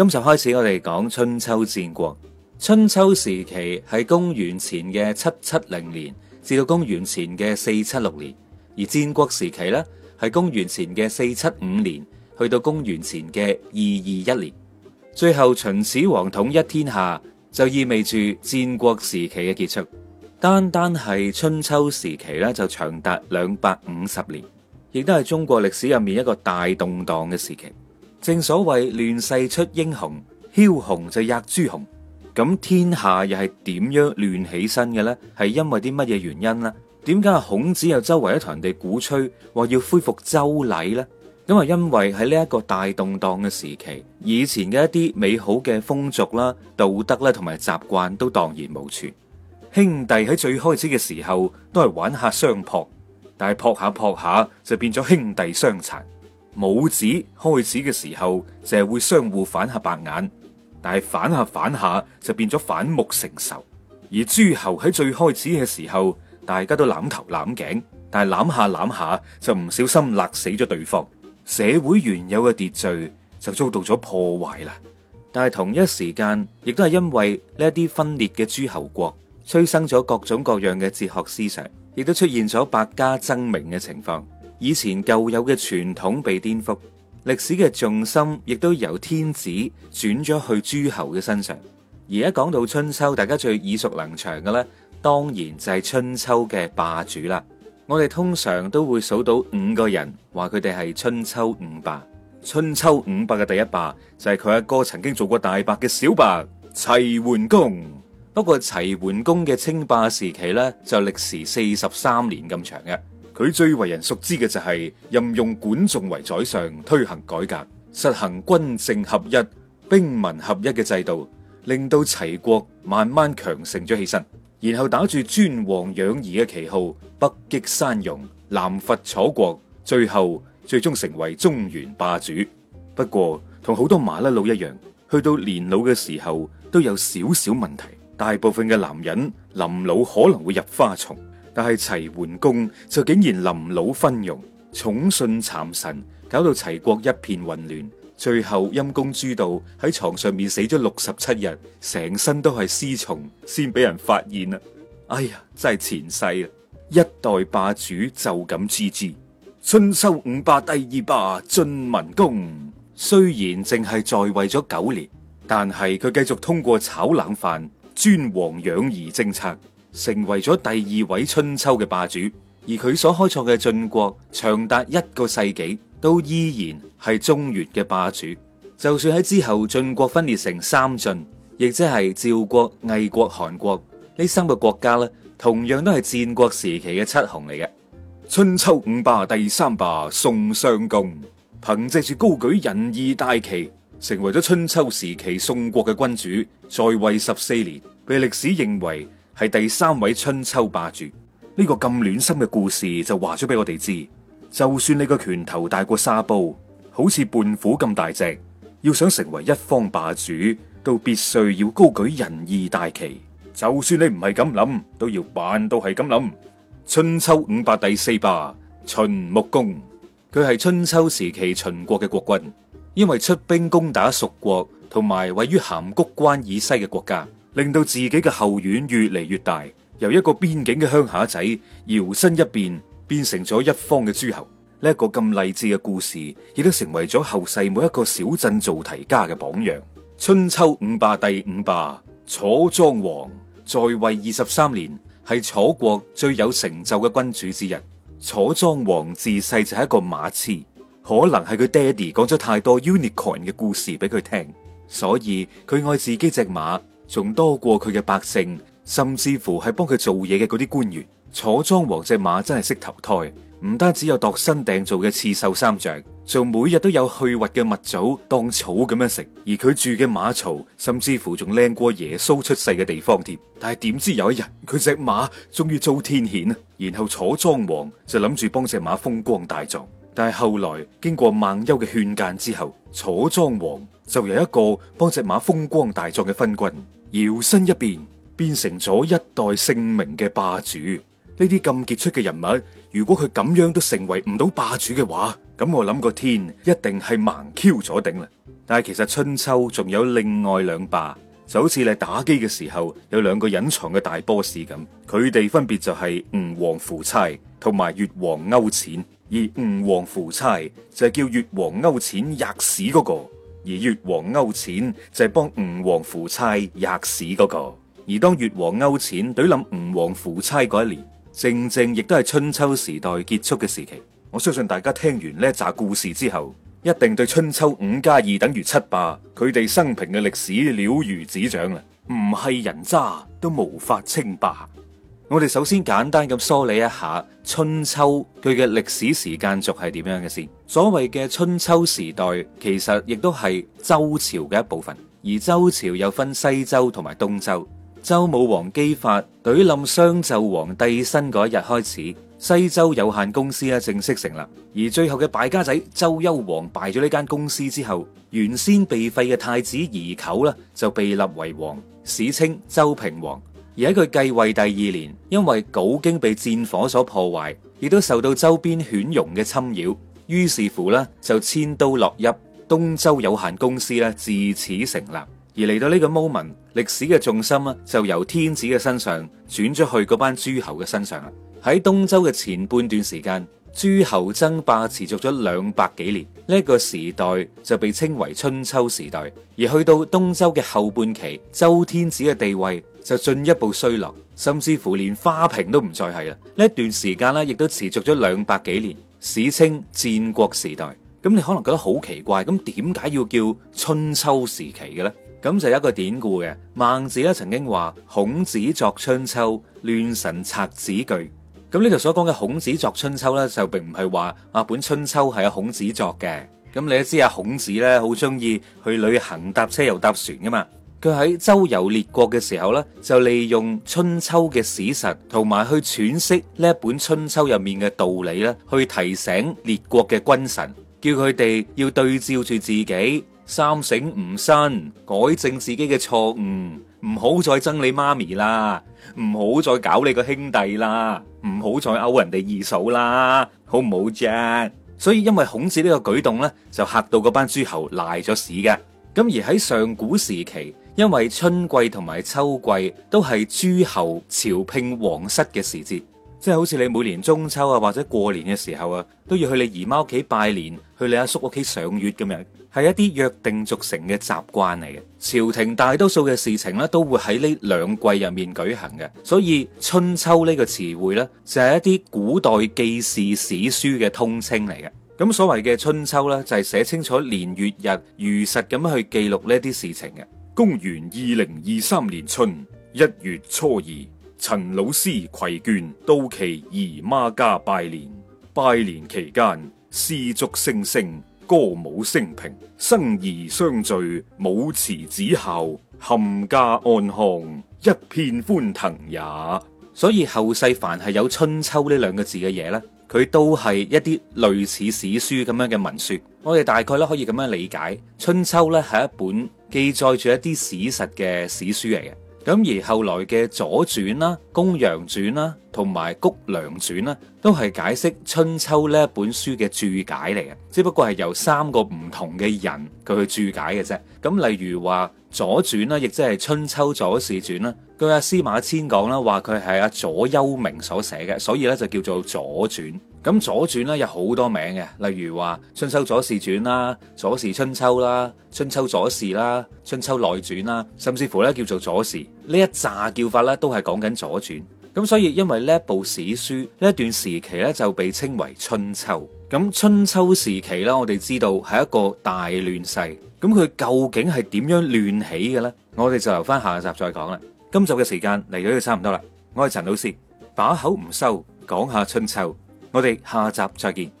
.今集開始，我哋講春秋戰國。春秋時期係公元前嘅七七零年至到公元前嘅四七六年，而戰國時期咧係公元前嘅四七五年去到公元前嘅二二一年。最後秦始皇統一天下，就意味住戰國時期嘅結束。單單係春秋時期咧就長達兩百五十年，亦都係中國歷史入面一個大動盪嘅時期。正所謂亂世出英雄，梟雄就壓諸侯。咁天下又係點樣亂起身嘅呢？係因為啲乜嘢原因呢？點解孔子又周圍同人哋鼓吹話要恢復周禮呢？咁啊，因為喺呢一個大動盪嘅時期，以前嘅一啲美好嘅風俗啦、道德啦同埋習慣都蕩然無存。兄弟喺最開始嘅時候都係玩下相撲，但係撲下撲下就變咗兄弟相殘。母子開始嘅時候就係會相互反下白眼，但係反下反下就變咗反目成仇。而諸侯喺最開始嘅時候，大家都攬頭攬頸，但係攬下攬下就唔小心勒死咗對方。社會原有嘅秩序就遭到咗破壞啦。但係同一時間，亦都係因為呢啲分裂嘅諸侯國，催生咗各種各樣嘅哲學思想，亦都出現咗百家爭鳴嘅情況。以前舊有嘅傳統被顛覆，歷史嘅重心亦都由天子轉咗去諸侯嘅身上。而一講到春秋，大家最耳熟能詳嘅咧，當然就係春秋嘅霸主啦。我哋通常都會數到五個人，話佢哋係春秋五霸。春秋五霸嘅第一霸就係佢阿哥曾經做過大霸嘅小白齊桓公。不過齊桓公嘅稱霸時期咧，就歷時四十三年咁長嘅。佢最為人熟知嘅就係任用管仲為宰相，推行改革，實行軍政合一、兵民合一嘅制度，令到齊國慢慢強盛咗起身。然後打住尊王攘夷嘅旗號，北擊山戎，南伐楚國，最後最終成為中原霸主。不過同好多麻甩佬一樣，去到年老嘅時候都有少少問題。大部分嘅男人臨老可能會入花叢。但係齊桓公就竟然臨老昏庸，寵信讒臣，搞到齊國一片混亂。最後陰公朱道喺床上面死咗六十七日，成身都係屍蟲，先俾人發現啦。哎呀，真係前世啊！一代霸主就咁之之，春秋五霸第二霸晉文公，雖然淨係在位咗九年，但係佢繼續通過炒冷飯、尊王攘夷政策。成為咗第二位春秋嘅霸主，而佢所開創嘅晉國長達一個世紀，都依然係中原嘅霸主。就算喺之後晉國分裂成三晉，亦即係趙國、魏國、韓國呢三個國家啦，同樣都係戰國時期嘅七雄嚟嘅。春秋五霸第三霸宋襄公，憑借住高舉仁義大旗，成為咗春秋時期宋國嘅君主，在位十四年，被歷史認為。係第三位春秋霸主，呢個咁暖心嘅故事就話咗俾我哋知。就算你個拳頭大過沙煲，好似胖虎咁大隻，要想成為一方霸主，都必須要高舉仁義大旗。就算你唔係咁諗，都要扮到係咁諗。春秋五霸第四霸秦穆公，佢係春秋時期秦國嘅國君，因為出兵攻打蜀國同埋位於函谷關以西嘅國家。令到自己嘅後院越嚟越大，由一個邊境嘅鄉下仔搖身一變，變成咗一方嘅諸侯。呢一個咁勵志嘅故事，亦都成為咗後世每一個小鎮做題家嘅榜樣。春秋五霸第五霸楚莊王在位二十三年，係楚國最有成就嘅君主之一。楚莊王自細就係一個馬痴，可能係佢爹哋講咗太多 unicorn 嘅故事俾佢聽，所以佢愛自己隻馬仲多過佢嘅百姓，甚至乎係幫佢做嘢嘅嗰啲官員。楚莊王隻馬真係識投胎，唔單止有度身訂做嘅刺繡衫着，仲每日都有去核嘅蜜棗當草咁樣食。而佢住嘅馬槽，甚至乎仲靚過耶穌出世嘅地方添。但係點知有一日，佢隻馬終於遭天譴，然後楚莊王就諗住幫隻馬風光大葬。但係後來經過孟優嘅勸諫之後，楚莊王就由一個幫隻馬風光大葬嘅昏君，搖身一變，變成咗一代盛名嘅霸主。呢啲咁傑出嘅人物，如果佢咁樣都成為唔到霸主嘅話，咁我諗個天一定係盲 Q 咗頂啦。但係其實春秋仲有另外兩霸，就好似你打機嘅時候有兩個隱藏嘅大 boss 咁，佢哋分別就係吳王夫差同埋越王勾踐，而吳王夫差就係叫越王勾踐吔屎嗰個。而越王勾踐就係幫吳王夫差壓屎嗰、那個，而當越王勾踐懟冧吳王夫差嗰一年，正正亦都係春秋時代結束嘅時期。我相信大家聽完呢一紮故事之後，一定對春秋五加二等於七霸佢哋生平嘅歷史了如指掌啦。唔係人渣都無法稱霸。我哋首先簡單咁梳理一下春秋佢嘅歷史時間軸係點樣嘅先。所謂嘅春秋時代，其實亦都係周朝嘅一部分。而周朝又分西周同埋東周。周武王姬發舉冧商紂王帝辛嗰一日開始，西周有限公司啊正式成立。而最後嘅敗家仔周幽王敗咗呢間公司之後，原先被廢嘅太子宜臼啦就被立為王，史稱周平王。而喺佢繼位第二年，因為鎬京被戰火所破壞，亦都受到周邊犬戎嘅侵擾。於是乎咧，就遷都洛邑東周有限公司咧，自此成立。而嚟到呢個 moment 歷史嘅重心啊，就由天子嘅身上轉咗去嗰班諸侯嘅身上啦。喺東周嘅前半段時間，諸侯爭霸持續咗兩百幾年，呢、這個時代就被稱為春秋時代。而去到東周嘅後半期，周天子嘅地位就進一步衰落，甚至乎連花瓶都唔再係啦。呢段時間咧，亦都持續咗兩百幾年。史稱戰國時代，咁你可能覺得好奇怪，咁點解要叫春秋時期嘅咧？咁就有一個典故嘅，孟子咧曾經話：孔子作春秋，亂臣賊子懼。咁呢度所講嘅孔子作春秋咧，就並唔係話啊本春秋係啊孔子作嘅。咁你都知啊孔子咧好中意去旅行，搭車又搭船噶嘛。佢喺周遊列國嘅時候呢就利用春秋嘅史實同埋去詮釋呢本春秋入面嘅道理咧，去提醒列國嘅君臣，叫佢哋要對照住自己，三省吾身，改正自己嘅錯誤，唔好再憎你媽咪啦，唔好再搞你個兄弟啦，唔好再勾人哋二嫂啦，好唔好啫，啊？所以因為孔子呢個舉動呢就吓到嗰班諸侯賴咗屎嘅。咁而喺上古時期。因為春季同埋秋季都係諸侯朝聘皇室嘅時節，即係好似你每年中秋啊，或者過年嘅時候啊，都要去你姨媽屋企拜年，去你阿叔屋企賞月咁樣，係一啲約定俗成嘅習慣嚟嘅。朝廷大多數嘅事情呢、啊，都會喺呢兩季入面舉行嘅，所以春秋呢個詞彙呢，就係、是、一啲古代記事史書嘅通稱嚟嘅。咁所謂嘅春秋呢，就係、是、寫清楚年月日如實咁樣去記錄呢啲事情嘅。公元二零二三年春一月初二，陳老師攜眷到其姨媽家拜年。拜年期間，絲竹聲聲，歌舞升平，生兒相聚，母慈子孝，冚家安康，一片歡騰也。所以後世凡係有春秋呢兩個字嘅嘢呢。佢都係一啲類似史書咁樣嘅文書，我哋大概咧可以咁樣理解，《春秋》呢係一本記載住一啲史實嘅史書嚟嘅。咁而後來嘅《左傳》啦、《公羊傳》啦、同埋《谷梁傳》啦，都係解釋《春秋》呢本書嘅注解嚟嘅，只不過係由三個唔同嘅人佢去注解嘅啫。咁例如話《左傳》啦，亦即係《春秋左氏傳》啦。據阿司馬遷講啦，話佢係阿左丘明所寫嘅，所以咧就叫做左《左傳》。咁《左傳》咧有好多名嘅，例如話《春秋左氏傳》啦，《左氏春秋》啦，《春秋左氏》啦，《春秋內傳》啦，甚至乎咧叫做左《左氏》呢一揸叫法咧，都係講緊《左傳》。咁所以因為呢一部史書呢一段時期咧就被稱為《春秋》。咁春秋時期咧，我哋知道係一個大亂世。咁佢究竟係點樣亂起嘅咧？我哋就留翻下一集再講啦。今集嘅時間嚟到都差唔多啦，我係陳老師，把口唔收，講下春秋，我哋下集再見。